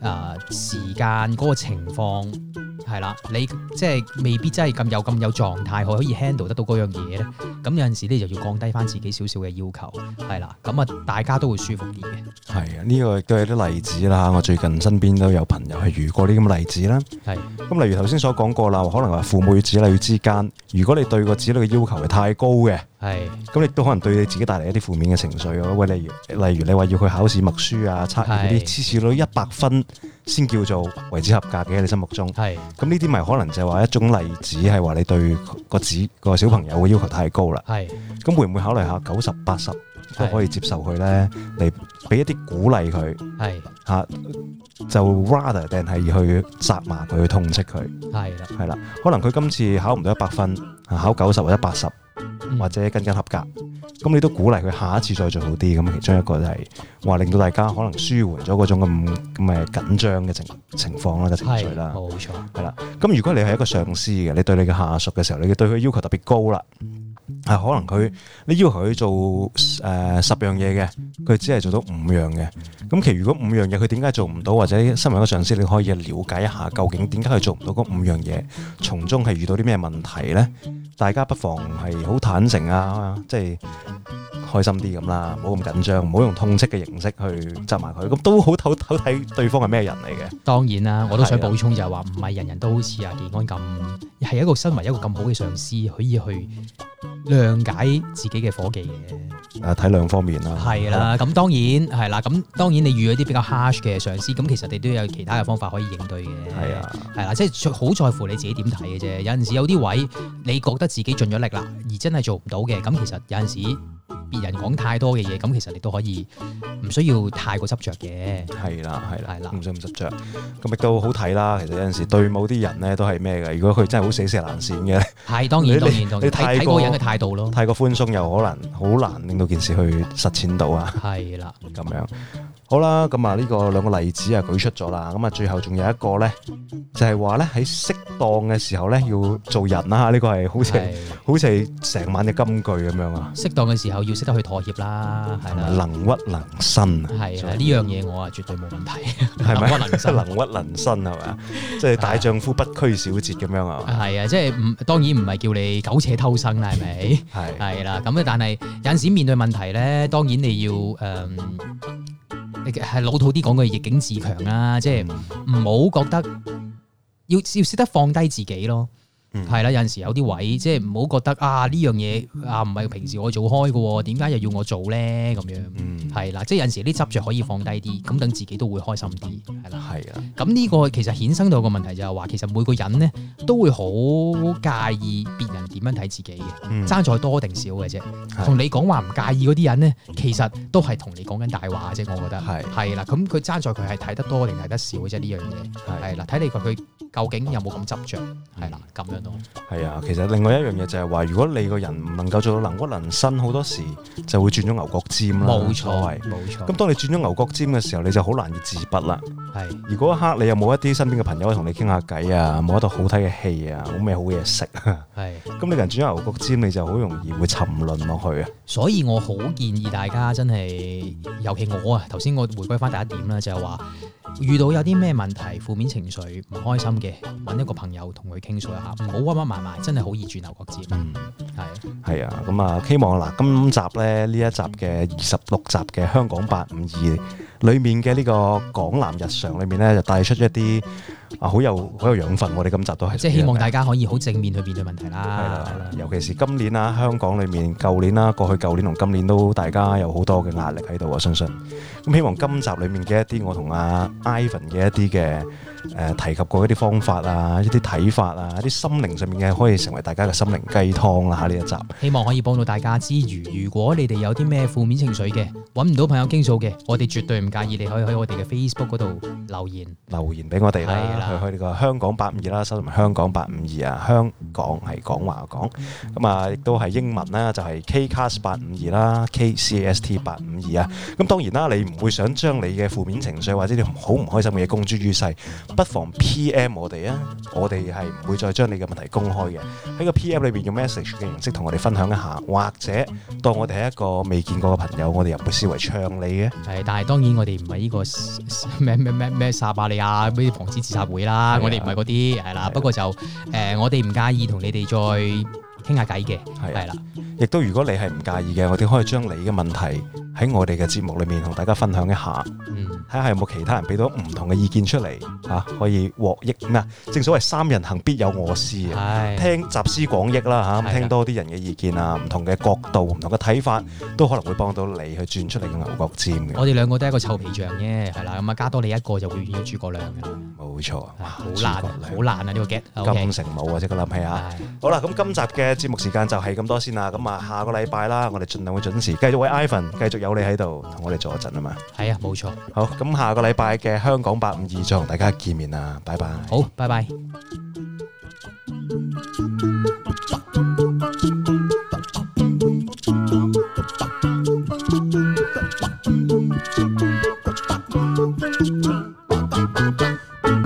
B: 呃、時間嗰、那個情況係啦，你即係未必真係咁有咁有狀態可以 handle 得到嗰樣嘢咧。咁有陣時你就要降低翻自己少少嘅要求，係啦。咁啊，大家都會舒服啲嘅。
A: 係啊，呢、這個都係啲例子啦。我最近身邊都有朋友係遇過啲咁嘅例子啦。係的。咁例如頭先所講過啦，可能話父母與子女之間，如果你對個子女嘅要求要求係太高嘅，係咁你都可能對你自己帶嚟一啲負面嘅情緒喂，例如例如你話要去考試默書啊，測驗嗰啲，是的 至少攞一百分先叫做為之合格嘅喺你心目中，咁呢啲咪可能就係話一種例子，係話你對個子、個小朋友嘅要求太高啦，咁是的 會唔會考慮下九十八十都可以接受佢呢？你俾一啲鼓勵佢，吓是的、啊、就 rather 定係去責罵佢，去痛斥佢，係啦，可能佢今次考唔到一百分。考九十或者八十，嗯，或者更加合格，咁你都鼓勵佢下一次再做好啲，咁其中一個就係、是、話令到大家可能舒緩咗嗰種咁咁誒緊張嘅情情況啦、情緒啦，冇
B: 錯，
A: 係啦。咁如果你係一個上司嘅，你對你嘅下屬嘅時候，你對佢要求特別高啦。嗯係可能佢你要求佢做誒十樣嘢嘅，佢只係做到五樣嘅。咁其實如果五樣嘢佢點解做唔到，或者身為一個上司，你可以了解一下究竟點解佢做唔到嗰五樣嘢，從中係遇到啲咩問題呢？大家不妨係好坦誠啊，即係開心啲咁啦，唔好咁緊張，唔好用痛斥嘅形式去執埋佢，咁都好偷偷睇對方係咩人嚟嘅。當然啦，我都想補充就係話，
B: 唔係人人都好似阿技安咁，係一個身為一個咁好嘅上司，可以去諒解自己嘅夥計嘅。
A: 睇兩方面啦。係啦的，咁的
B: 當然係啦，咁當然你遇咗啲比較 harsh 嘅上司，咁其實你都有其他嘅方法可以應對嘅。係啊的，係啦，即係好在乎你自己點睇嘅啫。有陣時有啲位，你覺得。自己盡咗力啦，而真係做唔到嘅，咁其實有陣時，別人講太多嘅嘢，咁其實你都可以唔需要
A: 太過執着嘅。係啦，係啦，係啦，唔使咁執着，咁亦都好睇啦。其實有陣時對某啲人咧都係咩嘅？如果佢真係好死死難纏嘅，係當然，你睇過人嘅態度咯，太過寬鬆又可能好難令到件事去實踐到啊。係啦的，咁樣好啦，咁啊呢個兩個例子啊舉出咗啦，咁啊最後仲有一個咧，就係話咧喺適當嘅時候咧要做人啦。呢個係好似好似成晚嘅金句咁樣啊。適、嗯、當嘅時候。要識得去妥協啦，係啦，能屈能伸啊，係啊的，呢樣嘢我啊絕對冇問題，
B: 係咪吧？即 能
A: 屈能伸係咪？即係大丈夫不拘小節咁樣啊？係啊，即係唔當然唔係叫你苟且偷生啦，係咪？係
B: 係啦，咁 但係有陣時面對問題咧，當然你要誒，係老土啲講句逆境自強啦，即係唔好覺得要要識得放低自己咯。係啦，有陣時有啲位，即係唔好覺得啊呢樣嘢啊唔係平時我做開嘅喎，點解又要我做咧咁樣？嗯，係啦，即係有陣時啲執着可以放低啲，咁等自己都會開心啲，係啦。係啊，咁呢個其實衍生到個問題就係話，其實每個人呢都會好介意別人點樣睇自己嘅，爭在多定少嘅啫。同你講話唔介意嗰啲人呢，其實都係同你講緊大話啫，我覺得係。係啦，咁佢爭在佢係睇得多定睇得少嘅啫，呢樣嘢係啦，睇你佢究竟有冇咁執着，
A: 係啦，咁樣。係啊，其實另外一樣嘢就係話，如果你個人唔能夠做到能屈能伸，好多時就會轉咗牛角尖啦。冇錯，冇錯。咁當你轉咗牛角尖嘅時候，你就好難以自拔啦。係，如果一刻你又冇一啲身邊嘅朋友同你傾下偈啊，冇一套好睇嘅戲啊，冇咩好嘢食啊。係。咁你人轉咗牛角尖，你就好容易會沉淪落去啊。
B: 所以我好建議大家真係，尤其我啊，頭先我回歸翻第一點啦，就係話。遇到有啲咩問題、負面情緒唔開心嘅，揾一個朋友同佢傾訴一下，唔好鬱鬱埋埋，真係好易轉牛角尖，嗯是啊。嗯，係，
A: 係啊，咁啊，希望嗱，今集呢，呢一集嘅二十六集嘅香講八五二裏面嘅呢，呢個講男日常裏面呢，就帶出一啲。啊，好有好有養分，我哋今集都係即係希望大家可以好正面去面對問題啦。係啦，係啦，尤其是今年啊，香港裏面舊年啦，過去舊年同今年都大家有好多嘅壓力喺度啊，相信咁、嗯、希望今集裏面嘅一啲我同阿 Ivan 嘅一啲嘅誒提及過一啲方法啊，一啲睇法啊，一啲心靈上面嘅可以成為大家嘅心靈雞湯啦。嚇呢一集，希
B: 望可以幫到大家之餘，如果你哋有啲咩負面情緒嘅，揾唔到朋友傾訴嘅，我哋絕對唔介意，你可以喺我哋嘅 Facebook 度
A: 留言，留言俾我哋嚇。去去呢個香港八五二啦，收埋香港八五二啊！香港係講話講，咁啊亦都係英文啦，就係 Kcast 八五二啦，Kcast 八五二啊！咁當然啦，你唔會想將你嘅負面情緒或者你好唔開心嘅嘢公諸於世，不妨 PM 我哋啊！我哋係唔會再將你嘅問題公開嘅。喺個 PM 裏邊用 message 嘅形式同我哋分享一下，或者當我哋係一個未見過嘅朋友，我哋入去思維唱你嘅。係，但係
B: 當然我哋唔係呢個咩咩咩咩撒瑪利亞咩防止自殺。會啦，我哋唔係嗰啲，係啦。不過就誒的、呃，我哋唔介意同你哋再，傾下偈嘅係啦，
A: 亦都如果你係唔介意嘅，我哋可以將你嘅問題喺我哋嘅節目裏面同大家分享一下，睇下有冇其他人俾到唔同嘅意見出嚟，吓可以獲益咩？正所謂三人行必有我師啊，聽集思廣益啦吓，聽多啲人嘅意見啊，唔同嘅角度、唔同嘅睇法，都可能會幫到你去轉出嚟嘅牛角尖嘅。我哋兩個都係一
B: 個臭皮匠啫，係啦，咁啊加多你一個就會變咗諸葛亮嘅啦。冇錯，好難，好難啊呢個 get 金
A: 城武啊，即刻諗起啊！好啦，咁今集嘅。節目時間就係咁多先啦，咁啊下個禮拜啦，我哋盡量會準時繼續。喂，Ivan，繼續有你喺度同我哋坐陣啊嘛，係啊，冇錯。好，咁下個禮拜嘅香講八五二再同大家見面啦，拜拜。好，拜拜。嗯